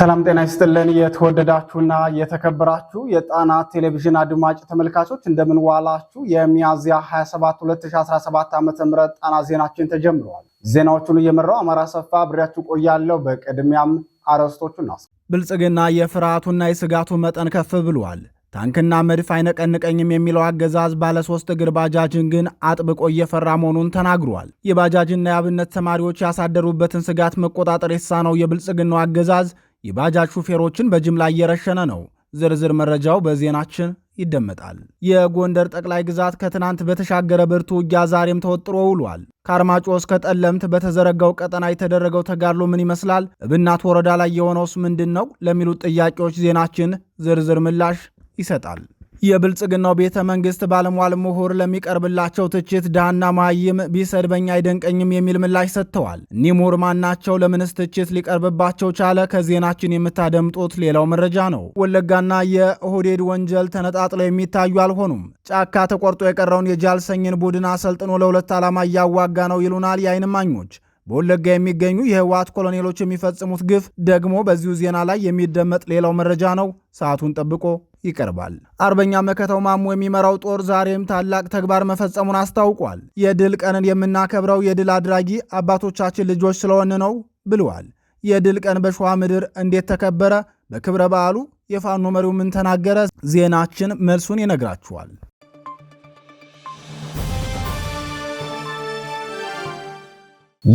ሰላም ጤና ይስጥልን። የተወደዳችሁና የተከበራችሁ የጣና ቴሌቪዥን አድማጭ ተመልካቾች እንደምን ዋላችሁ? የሚያዝያ 27 2017 ዓ ም ጣና ዜናችን ተጀምረዋል። ዜናዎቹን እየመራው አማራ ሰፋ ብሬያችሁ ቆያለሁ። በቅድሚያም አርዕስቶቹ ናስ ብልጽግና የፍርሃቱና የስጋቱ መጠን ከፍ ብሏል። ታንክና መድፍ አይነቀንቀኝም የሚለው አገዛዝ ባለሶስት እግር ባጃጅን ግን አጥብቆ እየፈራ መሆኑን ተናግሯል። የባጃጅና የአብነት ተማሪዎች ያሳደሩበትን ስጋት መቆጣጠር የተሳነው የብልጽግናው አገዛዝ የባጃጅ ሹፌሮችን በጅምላ እየረሸነ ነው። ዝርዝር መረጃው በዜናችን ይደመጣል። የጎንደር ጠቅላይ ግዛት ከትናንት በተሻገረ ብርቱ ውጊያ ዛሬም ተወጥሮ ውሏል። ከአርማጮ እስከ ጠለምት በተዘረጋው ቀጠና የተደረገው ተጋድሎ ምን ይመስላል? እብናት ወረዳ ላይ የሆነውስ ምንድን ነው? ለሚሉት ጥያቄዎች ዜናችን ዝርዝር ምላሽ ይሰጣል። የብልጽግናው ቤተ መንግስት ባለሟል ምሁር ለሚቀርብላቸው ትችት ዳና ማይም ቢሰድበኝ አይደንቀኝም የሚል ምላሽ ሰጥተዋል። ኒሙር ማናቸው? ለምንስ ትችት ሊቀርብባቸው ቻለ? ከዜናችን የምታደምጡት ሌላው መረጃ ነው። ወለጋና የኦህዴድ ወንጀል ተነጣጥለው የሚታዩ አልሆኑም። ጫካ ተቆርጦ የቀረውን የጃልሰኝን ቡድን አሰልጥኖ ለሁለት ዓላማ እያዋጋ ነው ይሉናል የአይን ማኞች። በወለጋ የሚገኙ የህወሓት ኮሎኔሎች የሚፈጽሙት ግፍ ደግሞ በዚሁ ዜና ላይ የሚደመጥ ሌላው መረጃ ነው። ሰዓቱን ጠብቆ ይቀርባል። አርበኛ መከተው ማሞ የሚመራው ጦር ዛሬም ታላቅ ተግባር መፈጸሙን አስታውቋል። የድል ቀንን የምናከብረው የድል አድራጊ አባቶቻችን ልጆች ስለሆን ነው ብለዋል። የድል ቀን በሸዋ ምድር እንዴት ተከበረ? በክብረ በዓሉ የፋኖ መሪው ምን ተናገረ? ዜናችን መልሱን ይነግራችኋል።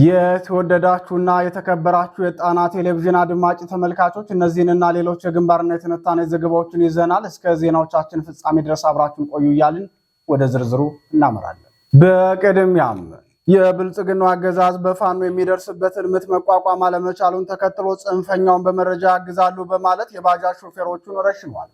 የተወደዳችሁና የተከበራችሁ የጣና ቴሌቪዥን አድማጭ ተመልካቾች እነዚህንና ሌሎች የግንባርና የትንታኔ ዘገባዎችን ይዘናል። እስከ ዜናዎቻችን ፍጻሜ ድረስ አብራችሁን ቆዩ እያልን ወደ ዝርዝሩ እናመራለን። በቅድሚያም የብልጽግናው አገዛዝ በፋኖ የሚደርስበትን ምት መቋቋም አለመቻሉን ተከትሎ ጽንፈኛውን በመረጃ ያግዛሉ በማለት የባጃጅ ሾፌሮቹን ረሽኗል።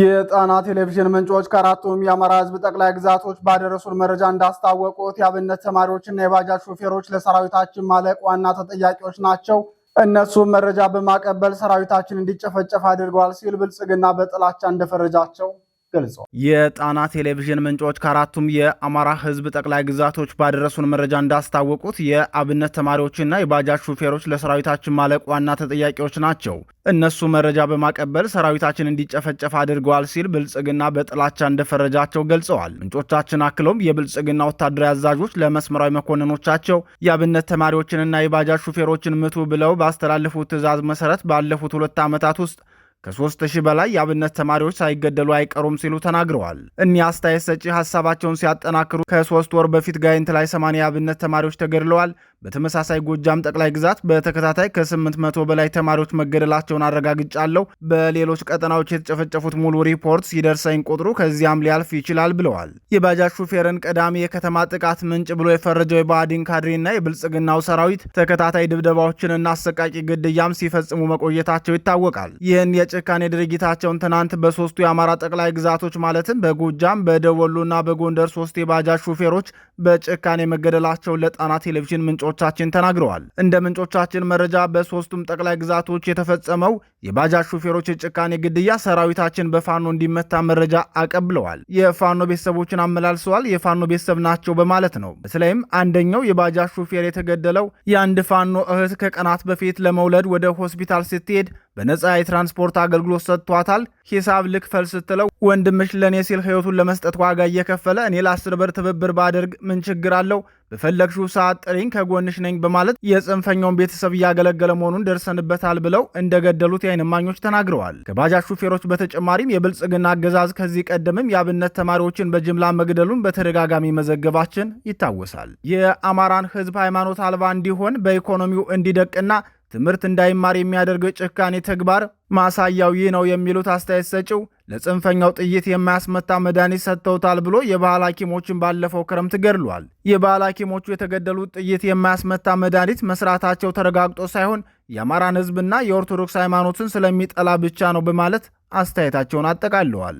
የጣና ቴሌቪዥን ምንጮች ከአራቱም የአማራ ሕዝብ ጠቅላይ ግዛቶች ባደረሱን መረጃ እንዳስታወቁት የአብነት ተማሪዎችና የባጃጅ ሾፌሮች ለሰራዊታችን ማለቅ ዋና ተጠያቂዎች ናቸው። እነሱም መረጃ በማቀበል ሰራዊታችን እንዲጨፈጨፍ አድርገዋል ሲል ብልጽግና በጥላቻ እንደፈረጃቸው ገልጸዋል። የጣና ቴሌቪዥን ምንጮች ከአራቱም የአማራ ህዝብ ጠቅላይ ግዛቶች ባደረሱን መረጃ እንዳስታወቁት የአብነት ተማሪዎችና የባጃጅ ሹፌሮች ለሰራዊታችን ማለቅ ዋና ተጠያቂዎች ናቸው። እነሱ መረጃ በማቀበል ሰራዊታችን እንዲጨፈጨፍ አድርገዋል ሲል ብልጽግና በጥላቻ እንደፈረጃቸው ገልጸዋል። ምንጮቻችን አክለውም የብልጽግና ወታደራዊ አዛዦች ለመስመራዊ መኮንኖቻቸው የአብነት ተማሪዎችንና የባጃጅ ሹፌሮችን ምቱ ብለው ባስተላለፉት ትዕዛዝ መሰረት ባለፉት ሁለት ዓመታት ውስጥ ከሶስት ሺህ በላይ የአብነት ተማሪዎች ሳይገደሉ አይቀሩም ሲሉ ተናግረዋል። እኒህ አስተያየት ሰጪ ሀሳባቸውን ሲያጠናክሩ ከሶስት ወር በፊት ጋይንት ላይ 80 የአብነት ተማሪዎች ተገድለዋል። በተመሳሳይ ጎጃም ጠቅላይ ግዛት በተከታታይ ከ800 በላይ ተማሪዎች መገደላቸውን አረጋግጫለሁ። በሌሎች ቀጠናዎች የተጨፈጨፉት ሙሉ ሪፖርት ሲደርሰኝ ቁጥሩ ከዚያም ሊያልፍ ይችላል ብለዋል። የባጃጅ ሹፌርን ቀዳሚ የከተማ ጥቃት ምንጭ ብሎ የፈረጀው የባዕዲን ካድሬና የብልጽግናው ሰራዊት ተከታታይ ድብደባዎችንና አሰቃቂ ግድያም ሲፈጽሙ መቆየታቸው ይታወቃል። ይህን የጭካኔ ድርጊታቸውን ትናንት በሶስቱ የአማራ ጠቅላይ ግዛቶች ማለትም በጎጃም፣ በደወሎና በጎንደር ሶስት የባጃጅ ሹፌሮች በጭካኔ መገደላቸውን ለጣና ቴሌቪዥን ምንጮቻችን ተናግረዋል። እንደ ምንጮቻችን መረጃ በሶስቱም ጠቅላይ ግዛቶች የተፈጸመው የባጃጅ ሹፌሮች የጭካኔ ግድያ ሰራዊታችን በፋኖ እንዲመታ መረጃ አቀብለዋል። የፋኖ ቤተሰቦችን አመላልሰዋል። የፋኖ ቤተሰብ ናቸው በማለት ነው። በተለይም አንደኛው የባጃጅ ሹፌር የተገደለው የአንድ ፋኖ እህት ከቀናት በፊት ለመውለድ ወደ ሆስፒታል ስትሄድ በነጻ የትራንስፖርት አገልግሎት ሰጥቷታል። ሂሳብ ልክፈል ስትለው ወንድምሽ ለእኔ ሲል ህይወቱን ለመስጠት ዋጋ እየከፈለ እኔ ለአስር ብር ትብብር ባደርግ ምን ችግር አለው? በፈለግሽው ሰዓት ጥሪኝ፣ ከጎንሽ ነኝ በማለት የጽንፈኛውን ቤተሰብ እያገለገለ መሆኑን ደርሰንበታል ብለው እንደገደሉት የዓይን እማኞች ተናግረዋል። ከባጃጅ ሹፌሮች በተጨማሪም የብልጽግና አገዛዝ ከዚህ ቀደምም የአብነት ተማሪዎችን በጅምላ መግደሉን በተደጋጋሚ መዘገባችን ይታወሳል። የአማራን ህዝብ ሃይማኖት አልባ እንዲሆን በኢኮኖሚው እንዲደቅና ትምህርት እንዳይማር የሚያደርገው የጭካኔ ተግባር ማሳያው ይህ ነው የሚሉት አስተያየት ሰጪው ለጽንፈኛው ጥይት የማያስመታ መድኃኒት ሰጥተውታል ብሎ የባህል ሐኪሞችን ባለፈው ክረምት ገድሏል። የባህል ሐኪሞቹ የተገደሉት ጥይት የማያስመታ መድኃኒት መስራታቸው ተረጋግጦ ሳይሆን የአማራን ሕዝብና የኦርቶዶክስ ሃይማኖትን ስለሚጠላ ብቻ ነው በማለት አስተያየታቸውን አጠቃለዋል።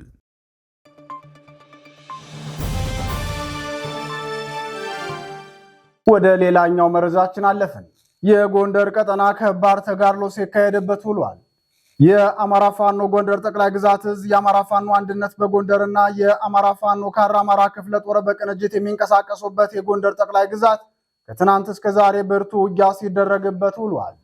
ወደ ሌላኛው መረጃችን አለፍን። የጎንደር ቀጠና ከባድ ተጋድሎ ሲካሄድበት ውሏል። የአማራ ፋኖ ጎንደር ጠቅላይ ግዛት እዝ የአማራ ፋኖ አንድነት በጎንደርና የአማራ ፋኖ ካራ አማራ ክፍለ ጦር በቅንጅት የሚንቀሳቀሱበት የጎንደር ጠቅላይ ግዛት ከትናንት እስከ ዛሬ ብርቱ ውጊያ ሲደረግበት ውሏል።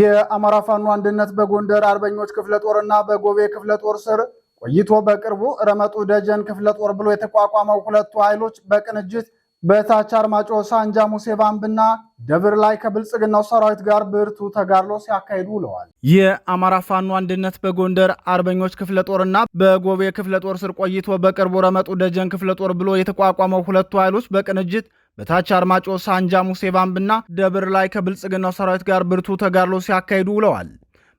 የአማራ ፋኖ አንድነት በጎንደር አርበኞች ክፍለ ጦርና በጎቤ ክፍለ ጦር ስር ቆይቶ በቅርቡ ረመጡ ደጀን ክፍለ ጦር ብሎ የተቋቋመው ሁለቱ ኃይሎች በቅንጅት በታች አርማጮ ሳንጃ ሙሴ ባምብና ደብር ላይ ከብልጽግናው ሰራዊት ጋር ብርቱ ተጋድሎ ሲያካሂዱ ውለዋል። የአማራ ፋኖ አንድነት በጎንደር አርበኞች ክፍለ ጦርና በጎቤ ክፍለ ጦር ስር ቆይቶ በቅርቡ ረመጡ ደጀን ክፍለ ጦር ብሎ የተቋቋመው ሁለቱ ኃይሎች በቅንጅት በታች አርማጮ ሳንጃ ሙሴ ባምብና ደብር ላይ ከብልጽግናው ሰራዊት ጋር ብርቱ ተጋድሎ ሲያካሂዱ ውለዋል።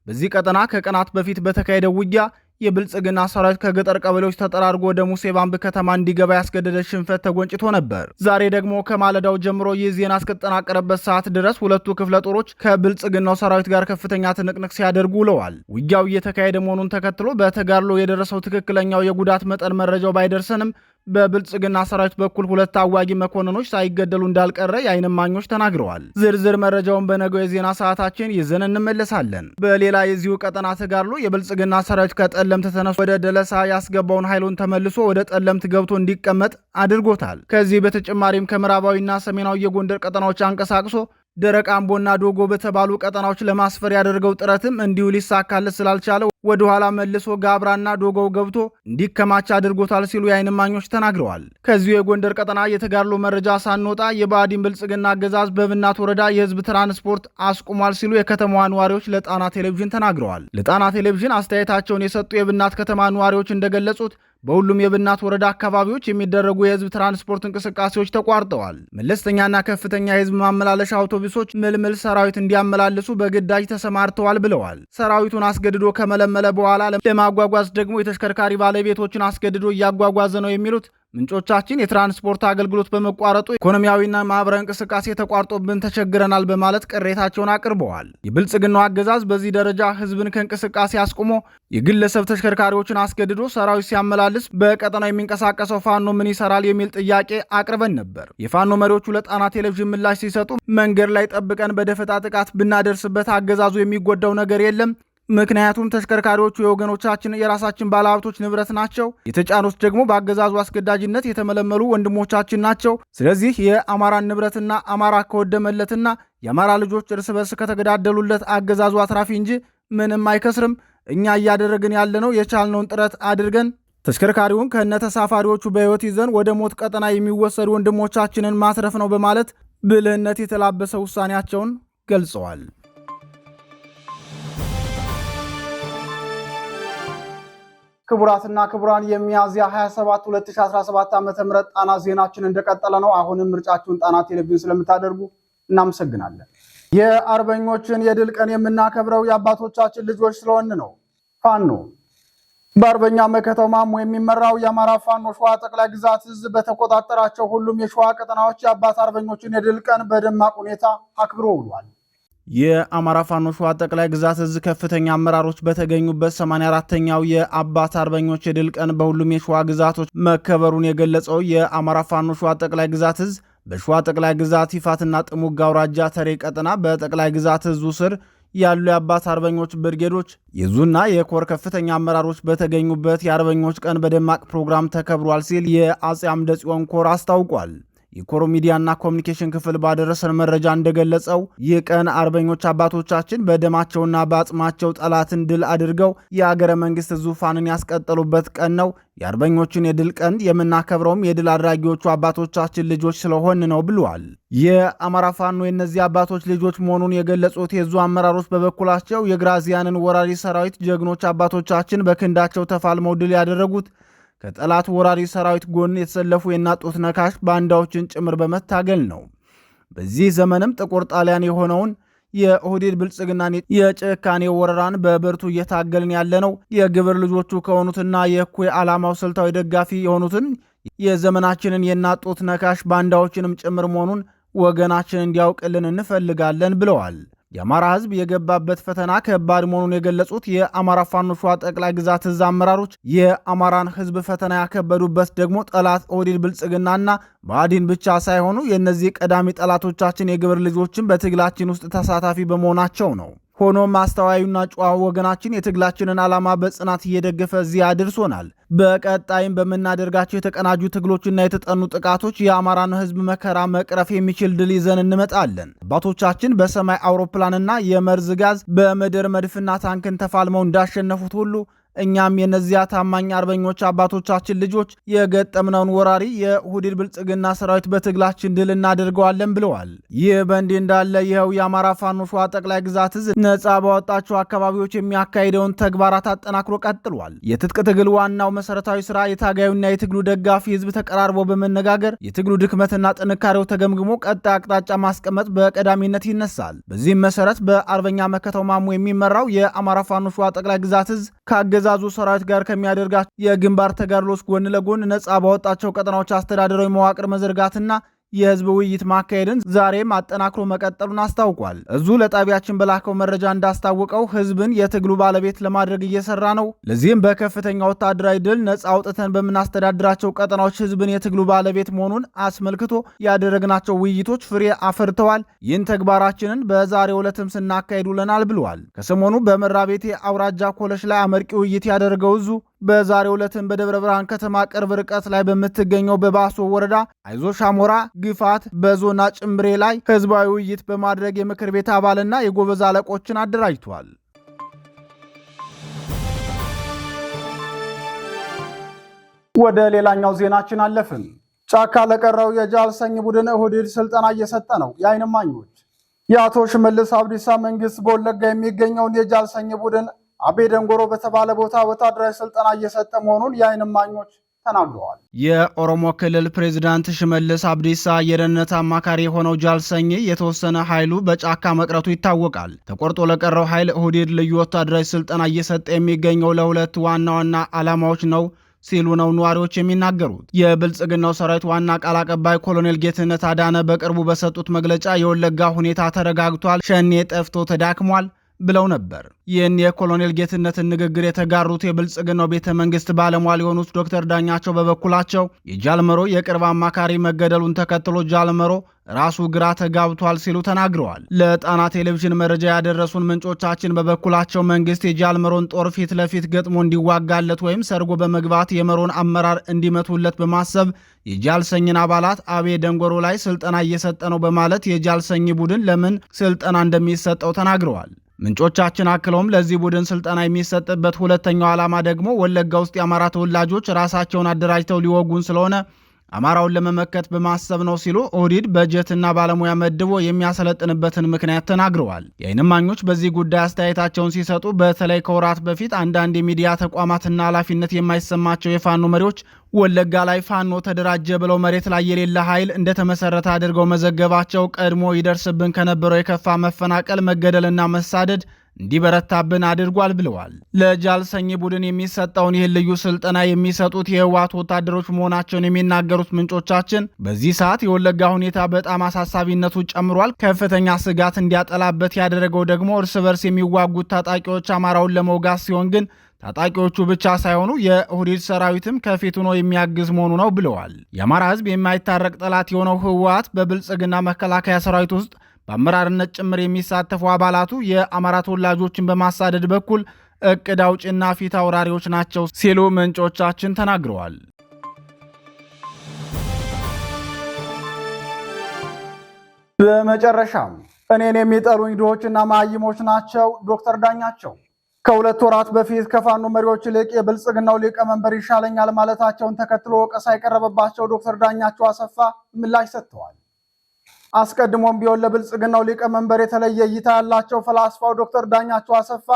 በዚህ ቀጠና ከቀናት በፊት በተካሄደው ውጊያ የብልጽግና ሰራዊት ከገጠር ቀበሌዎች ተጠራርጎ ወደ ሙሴ ባምብ ከተማ እንዲገባ ያስገደደ ሽንፈት ተጎንጭቶ ነበር። ዛሬ ደግሞ ከማለዳው ጀምሮ ይህ ዜና እስከተጠናቀረበት ሰዓት ድረስ ሁለቱ ክፍለ ጦሮች ከብልጽግናው ሰራዊት ጋር ከፍተኛ ትንቅንቅ ሲያደርጉ ውለዋል። ውጊያው እየተካሄደ መሆኑን ተከትሎ በተጋድሎ የደረሰው ትክክለኛው የጉዳት መጠን መረጃው ባይደርሰንም በብልጽግና ሰራዊት በኩል ሁለት ታዋጊ መኮንኖች ሳይገደሉ እንዳልቀረ የዓይን እማኞች ተናግረዋል። ዝርዝር መረጃውን በነገው የዜና ሰዓታችን ይዘን እንመለሳለን። በሌላ የዚሁ ቀጠና ተጋድሎ የብልጽግና ሰራዊት ከጠለምት ተነስቶ ወደ ደለሳ ያስገባውን ኃይሉን ተመልሶ ወደ ጠለምት ገብቶ እንዲቀመጥ አድርጎታል። ከዚህ በተጨማሪም ከምዕራባዊና ሰሜናዊ የጎንደር ቀጠናዎች አንቀሳቅሶ ደረቅ አምቦና ዶጎ በተባሉ ቀጠናዎች ለማስፈር ያደርገው ጥረትም እንዲሁ ሊሳካለት ስላልቻለ ወደኋላ መልሶ ጋብራና ዶጎው ገብቶ እንዲከማች አድርጎታል ሲሉ የዓይን እማኞች ተናግረዋል። ከዚሁ የጎንደር ቀጠና የተጋድሎ መረጃ ሳንወጣ የባዲን ብልጽግና አገዛዝ በብናት ወረዳ የህዝብ ትራንስፖርት አስቁሟል ሲሉ የከተማዋ ነዋሪዎች ለጣና ቴሌቪዥን ተናግረዋል። ለጣና ቴሌቪዥን አስተያየታቸውን የሰጡ የብናት ከተማ ነዋሪዎች እንደገለጹት በሁሉም የብናት ወረዳ አካባቢዎች የሚደረጉ የህዝብ ትራንስፖርት እንቅስቃሴዎች ተቋርጠዋል። መለስተኛና ከፍተኛ የህዝብ ማመላለሻ አውቶቡሶች ምልምል ሰራዊት እንዲያመላልሱ በግዳጅ ተሰማርተዋል ብለዋል። ሰራዊቱን አስገድዶ ከመለመለ በኋላ ለማጓጓዝ ደግሞ የተሽከርካሪ ባለቤቶችን አስገድዶ እያጓጓዘ ነው የሚሉት ምንጮቻችን የትራንስፖርት አገልግሎት በመቋረጡ ኢኮኖሚያዊና ማኅበራዊ እንቅስቃሴ ተቋርጦብን ተቸግረናል በማለት ቅሬታቸውን አቅርበዋል። የብልጽግናው አገዛዝ በዚህ ደረጃ ሕዝብን ከእንቅስቃሴ አስቁሞ የግለሰብ ተሽከርካሪዎችን አስገድዶ ሰራዊት ሲያመላልስ በቀጠናው የሚንቀሳቀሰው ፋኖ ምን ይሰራል የሚል ጥያቄ አቅርበን ነበር። የፋኖ መሪዎቹ ለጣና ቴሌቪዥን ምላሽ ሲሰጡ መንገድ ላይ ጠብቀን በደፈጣ ጥቃት ብናደርስበት አገዛዙ የሚጎዳው ነገር የለም ምክንያቱም ተሽከርካሪዎቹ የወገኖቻችን የራሳችን ባለሀብቶች ንብረት ናቸው። የተጫኑት ደግሞ በአገዛዙ አስገዳጅነት የተመለመሉ ወንድሞቻችን ናቸው። ስለዚህ የአማራን ንብረትና አማራ ከወደመለትና የአማራ ልጆች እርስ በርስ ከተገዳደሉለት አገዛዙ አትራፊ እንጂ ምንም አይከስርም። እኛ እያደረግን ያለነው የቻልነውን ጥረት አድርገን ተሽከርካሪውን ከነ ተሳፋሪዎቹ በሕይወት ይዘን ወደ ሞት ቀጠና የሚወሰዱ ወንድሞቻችንን ማትረፍ ነው በማለት ብልህነት የተላበሰ ውሳኔያቸውን ገልጸዋል። ክቡራትና ክቡራን የሚያዝያ 27 2017 ዓ ም ጣና ዜናችን እንደቀጠለ ነው። አሁንም ምርጫችሁን ጣና ቴሌቪዥን ስለምታደርጉ እናመሰግናለን። የአርበኞችን የድል ቀን የምናከብረው የአባቶቻችን ልጆች ስለሆን ነው። ፋኖ በአርበኛ መከተው ማሞ የሚመራው የአማራ ፋኖ ሸዋ ጠቅላይ ግዛት እዝ በተቆጣጠራቸው ሁሉም የሸዋ ቀጠናዎች የአባት አርበኞችን የድል ቀን በደማቅ ሁኔታ አክብሮ ውሏል። የአማራ ፋኖ ሸዋ ጠቅላይ ግዛት እዝ ከፍተኛ አመራሮች በተገኙበት 84ተኛው የአባት አርበኞች የድል ቀን በሁሉም የሸዋ ግዛቶች መከበሩን የገለጸው የአማራ ፋኖ ሸዋ ጠቅላይ ግዛት እዝ በሸዋ ጠቅላይ ግዛት ይፋትና ጥሙግ አውራጃ ተሬ ቀጠና በጠቅላይ ግዛት እዙ ስር ያሉ የአባት አርበኞች ብርጌዶች የዙና የኮር ከፍተኛ አመራሮች በተገኙበት የአርበኞች ቀን በደማቅ ፕሮግራም ተከብሯል ሲል የአጼ አምደ ጽዮን ኮር አስታውቋል። የኮሮ ሚዲያና ኮሚኒኬሽን ክፍል ባደረሰን መረጃ እንደገለጸው ይህ ቀን አርበኞች አባቶቻችን በደማቸውና በአጽማቸው ጠላትን ድል አድርገው የአገረ መንግስት ዙፋንን ያስቀጠሉበት ቀን ነው። የአርበኞችን የድል ቀን የምናከብረውም የድል አድራጊዎቹ አባቶቻችን ልጆች ስለሆን ነው ብለዋል። የአማራ ፋኖ የእነዚህ አባቶች ልጆች መሆኑን የገለጹት የዙ አመራሮች በበኩላቸው የግራዚያንን ወራሪ ሰራዊት ጀግኖች አባቶቻችን በክንዳቸው ተፋልመው ድል ያደረጉት ከጠላት ወራሪ ሰራዊት ጎን የተሰለፉ የእናት ነካሽ ባንዳዎችን ጭምር በመታገል ነው። በዚህ ዘመንም ጥቁር ጣሊያን የሆነውን የኦህዴድ ብልጽግናን የጭካኔ ወረራን በብርቱ እየታገልን ያለነው የግብር ልጆቹ ከሆኑትና የእኩይ ዓላማው ስልታዊ ደጋፊ የሆኑትን የዘመናችንን የእናት ነካሽ ባንዳዎችንም ጭምር መሆኑን ወገናችን እንዲያውቅልን እንፈልጋለን ብለዋል። የአማራ ህዝብ የገባበት ፈተና ከባድ መሆኑን የገለጹት የአማራ ፋኖ ሸዋ ጠቅላይ ግዛት እዝ አመራሮች የአማራን ህዝብ ፈተና ያከበዱበት ደግሞ ጠላት ኦህዴድ ብልጽግናና ብአዴን ብቻ ሳይሆኑ የእነዚህ ቀዳሚ ጠላቶቻችን የግብር ልጆችን በትግላችን ውስጥ ተሳታፊ በመሆናቸው ነው። ሆኖም አስተዋዩና ጨዋ ወገናችን የትግላችንን ዓላማ በጽናት እየደገፈ እዚያ አድርሶናል። በቀጣይም በምናደርጋቸው የተቀናጁ ትግሎችና የተጠኑ ጥቃቶች የአማራን ሕዝብ መከራ መቅረፍ የሚችል ድል ይዘን እንመጣለን። አባቶቻችን በሰማይ አውሮፕላንና የመርዝ ጋዝ በምድር መድፍና ታንክን ተፋልመው እንዳሸነፉት ሁሉ እኛም የነዚያ ታማኝ አርበኞች አባቶቻችን ልጆች የገጠምነውን ወራሪ የሁዲድ ብልጽግና ሰራዊት በትግላችን ድል እናደርገዋለን ብለዋል። ይህ በእንዲህ እንዳለ ይኸው የአማራ ፋኖ ሸዋ ጠቅላይ ግዛት እዝ ነጻ ባወጣቸው አካባቢዎች የሚያካሂደውን ተግባራት አጠናክሮ ቀጥሏል። የትጥቅ ትግል ዋናው መሰረታዊ ስራ የታጋዩና የትግሉ ደጋፊ ህዝብ ተቀራርቦ በመነጋገር የትግሉ ድክመትና ጥንካሬው ተገምግሞ ቀጣይ አቅጣጫ ማስቀመጥ በቀዳሚነት ይነሳል። በዚህም መሰረት በአርበኛ መከተው ማሙ የሚመራው የአማራ ፋኖ ሸዋ ጠቅላይ ግዛት እዝ ካገዘ ከአገዛዙ ሰራዊት ጋር ከሚያደርጋቸው የግንባር ተጋድሎስ ጎን ለጎን ነጻ ባወጣቸው ቀጠናዎች አስተዳደራዊ መዋቅር መዘርጋትና የህዝብ ውይይት ማካሄድን ዛሬም አጠናክሮ መቀጠሉን አስታውቋል። እዙ ለጣቢያችን በላከው መረጃ እንዳስታወቀው ህዝብን የትግሉ ባለቤት ለማድረግ እየሰራ ነው። ለዚህም በከፍተኛ ወታደራዊ ድል ነጻ አውጥተን በምናስተዳድራቸው ቀጠናዎች ህዝብን የትግሉ ባለቤት መሆኑን አስመልክቶ ያደረግናቸው ውይይቶች ፍሬ አፈርተዋል። ይህን ተግባራችንን በዛሬው ዕለትም ስናካሄድ ውለናል ብለዋል። ከሰሞኑ በመራቤቴ አውራጃ ኮለሽ ላይ አመርቂ ውይይት ያደረገው እዙ በዛሬው ዕለትም በደብረ ብርሃን ከተማ ቅርብ ርቀት ላይ በምትገኘው በባሶ ወረዳ አይዞ ሻሞራ ግፋት በዞና ጭምብሬ ላይ ህዝባዊ ውይይት በማድረግ የምክር ቤት አባልና የጎበዝ አለቆችን አደራጅቷል። ወደ ሌላኛው ዜናችን አለፍን። ጫካ ለቀረው የጃልሰኝ ቡድን እሁድድ ስልጠና እየሰጠ ነው። የአይንማኞች የአቶ ሽመልስ አብዲሳ መንግስት በወለጋ የሚገኘውን የጃልሰኝ ቡድን አቤ ደንጎሮ በተባለ ቦታ ወታደራዊ ስልጠና እየሰጠ መሆኑን የዓይን እማኞች ተናግረዋል። የኦሮሞ ክልል ፕሬዚዳንት ሽመልስ አብዲሳ የደህንነት አማካሪ የሆነው ጃልሰኝ የተወሰነ ኃይሉ በጫካ መቅረቱ ይታወቃል። ተቆርጦ ለቀረው ኃይል ሁዲድ ልዩ ወታደራዊ ስልጠና እየሰጠ የሚገኘው ለሁለት ዋና ዋና ዓላማዎች ነው ሲሉ ነው ነዋሪዎች የሚናገሩት። የብልጽግናው ሰራዊት ዋና ቃል አቀባይ ኮሎኔል ጌትነት አዳነ በቅርቡ በሰጡት መግለጫ የወለጋ ሁኔታ ተረጋግቷል፣ ሸኔ ጠፍቶ ተዳክሟል ብለው ነበር። ይህን የኮሎኔል ጌትነትን ንግግር የተጋሩት የብልጽግናው ቤተ መንግስት ባለሟል የሆኑት ዶክተር ዳኛቸው በበኩላቸው የጃልመሮ የቅርብ አማካሪ መገደሉን ተከትሎ ጃልመሮ ራሱ ግራ ተጋብቷል ሲሉ ተናግረዋል። ለጣና ቴሌቪዥን መረጃ ያደረሱን ምንጮቻችን በበኩላቸው መንግስት የጃልመሮን ጦር ፊት ለፊት ገጥሞ እንዲዋጋለት ወይም ሰርጎ በመግባት የመሮን አመራር እንዲመቱለት በማሰብ የጃልሰኝን አባላት አቤ ደንጎሮ ላይ ስልጠና እየሰጠ ነው በማለት የጃልሰኝ ቡድን ለምን ስልጠና እንደሚሰጠው ተናግረዋል። ምንጮቻችን አክለውም ለዚህ ቡድን ስልጠና የሚሰጥበት ሁለተኛው ዓላማ ደግሞ ወለጋ ውስጥ የአማራ ተወላጆች ራሳቸውን አደራጅተው ሊወጉን ስለሆነ አማራውን ለመመከት በማሰብ ነው ሲሉ ኦዲድ በጀትና ባለሙያ መድቦ የሚያሰለጥንበትን ምክንያት ተናግረዋል። የዓይን እማኞች በዚህ ጉዳይ አስተያየታቸውን ሲሰጡ በተለይ ከወራት በፊት አንዳንድ የሚዲያ ተቋማትና ኃላፊነት የማይሰማቸው የፋኖ መሪዎች ወለጋ ላይ ፋኖ ተደራጀ ብለው መሬት ላይ የሌለ ኃይል እንደተመሰረተ አድርገው መዘገባቸው ቀድሞ ይደርስብን ከነበረው የከፋ መፈናቀል፣ መገደልና መሳደድ እንዲበረታብን አድርጓል ብለዋል። ለጃልሰኝ ቡድን የሚሰጠውን ይህን ልዩ ስልጠና የሚሰጡት የህወሓት ወታደሮች መሆናቸውን የሚናገሩት ምንጮቻችን በዚህ ሰዓት የወለጋ ሁኔታ በጣም አሳሳቢነቱ ጨምሯል። ከፍተኛ ስጋት እንዲያጠላበት ያደረገው ደግሞ እርስ በርስ የሚዋጉት ታጣቂዎች አማራውን ለመውጋት ሲሆን ግን ታጣቂዎቹ ብቻ ሳይሆኑ የሁዲድ ሰራዊትም ከፊት ሆኖ የሚያግዝ መሆኑ ነው ብለዋል። የአማራ ህዝብ የማይታረቅ ጠላት የሆነው ህወሓት በብልጽግና መከላከያ ሰራዊት ውስጥ በአመራርነት ጭምር የሚሳተፉ አባላቱ የአማራ ተወላጆችን በማሳደድ በኩል እቅድ አውጭና ፊት አውራሪዎች ናቸው ሲሉ ምንጮቻችን ተናግረዋል። በመጨረሻም እኔን የሚጠሉኝ ድሆችና ማይሞች ናቸው። ዶክተር ዳኛቸው ከሁለት ወራት በፊት ከፋኖ መሪዎች ይልቅ የብልጽግናው ሊቀመንበር ይሻለኛል ማለታቸውን ተከትሎ ወቀሳ የቀረበባቸው ዶክተር ዳኛቸው አሰፋ ምላሽ ሰጥተዋል። አስቀድሞም ቢሆን ለብልጽግናው ሊቀመንበር የተለየ እይታ ያላቸው ፈላስፋው ዶክተር ዳኛቸው አሰፋ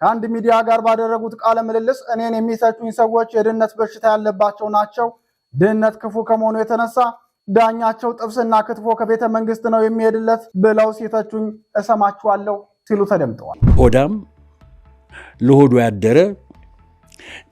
ከአንድ ሚዲያ ጋር ባደረጉት ቃለ ምልልስ እኔን የሚተቹኝ ሰዎች የድህነት በሽታ ያለባቸው ናቸው። ድህነት ክፉ ከመሆኑ የተነሳ ዳኛቸው ጥብስና ክትፎ ከቤተ መንግስት ነው የሚሄድለት ብለው ሲተቹኝ እሰማችኋለሁ ሲሉ ተደምጠዋል። ሆዳም ለሆዱ ያደረ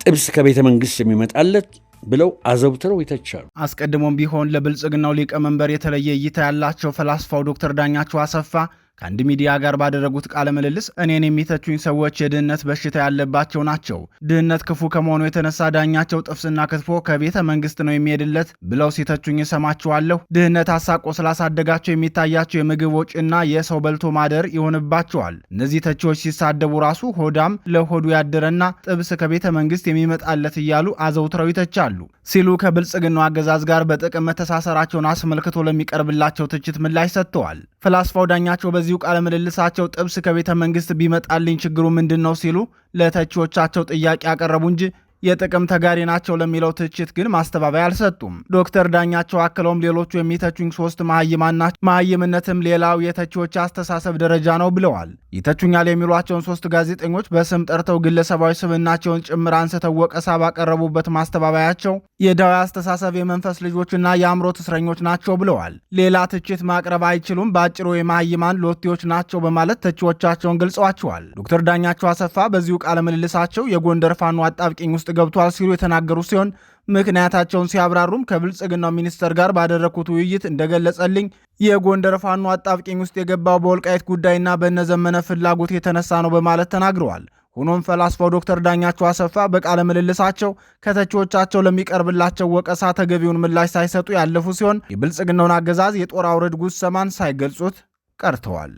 ጥብስ ከቤተ መንግስት የሚመጣለት ብለው አዘውትረው ይተቻሉ። አስቀድሞም ቢሆን ለብልጽግናው ሊቀመንበር የተለየ እይታ ያላቸው ፈላስፋው ዶክተር ዳኛቸው አሰፋ ከአንድ ሚዲያ ጋር ባደረጉት ቃለ ምልልስ እኔን የሚተቹኝ ሰዎች የድህነት በሽታ ያለባቸው ናቸው። ድህነት ክፉ ከመሆኑ የተነሳ ዳኛቸው ጥፍስና ክትፎ ከቤተ መንግስት ነው የሚሄድለት ብለው ሲተቹኝ እሰማችኋለሁ። ድህነት አሳቆ ስላሳደጋቸው የሚታያቸው የምግብ ወጪና የሰው በልቶ ማደር ይሆንባቸዋል። እነዚህ ተቺዎች ሲሳደቡ ራሱ ሆዳም ለሆዱ ያደረና ጥብስ ከቤተ መንግስት የሚመጣለት እያሉ አዘውትረው ይተቻሉ ሲሉ ከብልጽግናው አገዛዝ ጋር በጥቅም መተሳሰራቸውን አስመልክቶ ለሚቀርብላቸው ትችት ምላሽ ሰጥተዋል። ፍላስፋው ዳኛቸው በዚሁ ቃለ ምልልሳቸው ጥብስ ከቤተ መንግስት ቢመጣልኝ ችግሩ ምንድን ነው ሲሉ ለተቺዎቻቸው ጥያቄ ያቀረቡ እንጂ የጥቅም ተጋሪ ናቸው ለሚለው ትችት ግን ማስተባበያ አልሰጡም። ዶክተር ዳኛቸው አክለውም ሌሎቹ የሚተቹኝ ሶስት መሀይማን ናቸው፣ መሀይምነትም ሌላው የተቺዎች አስተሳሰብ ደረጃ ነው ብለዋል። ይተቹኛል የሚሏቸውን ሶስት ጋዜጠኞች በስም ጠርተው ግለሰባዊ ስብዕናቸውን ጭምር አንስተው ወቀሳ ባቀረቡበት ማስተባበያቸው የዳዊ አስተሳሰብ የመንፈስ ልጆችና የአእምሮት እስረኞች ናቸው ብለዋል። ሌላ ትችት ማቅረብ አይችሉም፣ በአጭሩ የማይማን ሎቴዎች ናቸው በማለት ተቺዎቻቸውን ገልጸዋቸዋል። ዶክተር ዳኛቸው አሰፋ በዚሁ ቃለ ምልልሳቸው የጎንደር ፋኖ አጣብቂኝ ውስጥ ገብቷል ሲሉ የተናገሩ ሲሆን ምክንያታቸውን ሲያብራሩም ከብልጽግናው ሚኒስተር ጋር ባደረግኩት ውይይት እንደገለጸልኝ የጎንደር ፋኖ አጣብቂኝ ውስጥ የገባው በወልቃይት ጉዳይና በነዘመነ ፍላጎት የተነሳ ነው በማለት ተናግረዋል። ሆኖም ፈላስፋው ዶክተር ዳኛቸው አሰፋ በቃለ ምልልሳቸው ከተቺዎቻቸው ለሚቀርብላቸው ወቀሳ ተገቢውን ምላሽ ሳይሰጡ ያለፉ ሲሆን የብልጽግናውን አገዛዝ የጦር አውረድ ጉሰማን ሳይገልጹት ቀርተዋል።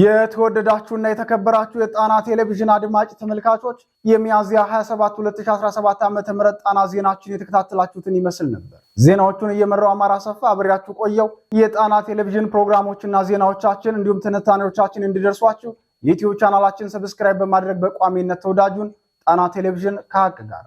የተወደዳችሁና የተከበራችሁ የጣና ቴሌቪዥን አድማጭ ተመልካቾች የሚያዝያ 27 2017 ዓ ም ጣና ዜናችን የተከታተላችሁትን ይመስል ነበር። ዜናዎቹን እየመራው አማራ ሰፋ አብሬያችሁ ቆየው። የጣና ቴሌቪዥን ፕሮግራሞችና ዜናዎቻችን እንዲሁም ትንታኔዎቻችን እንዲደርሷችሁ የዩትዩብ ቻናላችን ሰብስክራይብ በማድረግ በቋሚነት ተወዳጁን ጣና ቴሌቪዥን ከሀቅ ጋር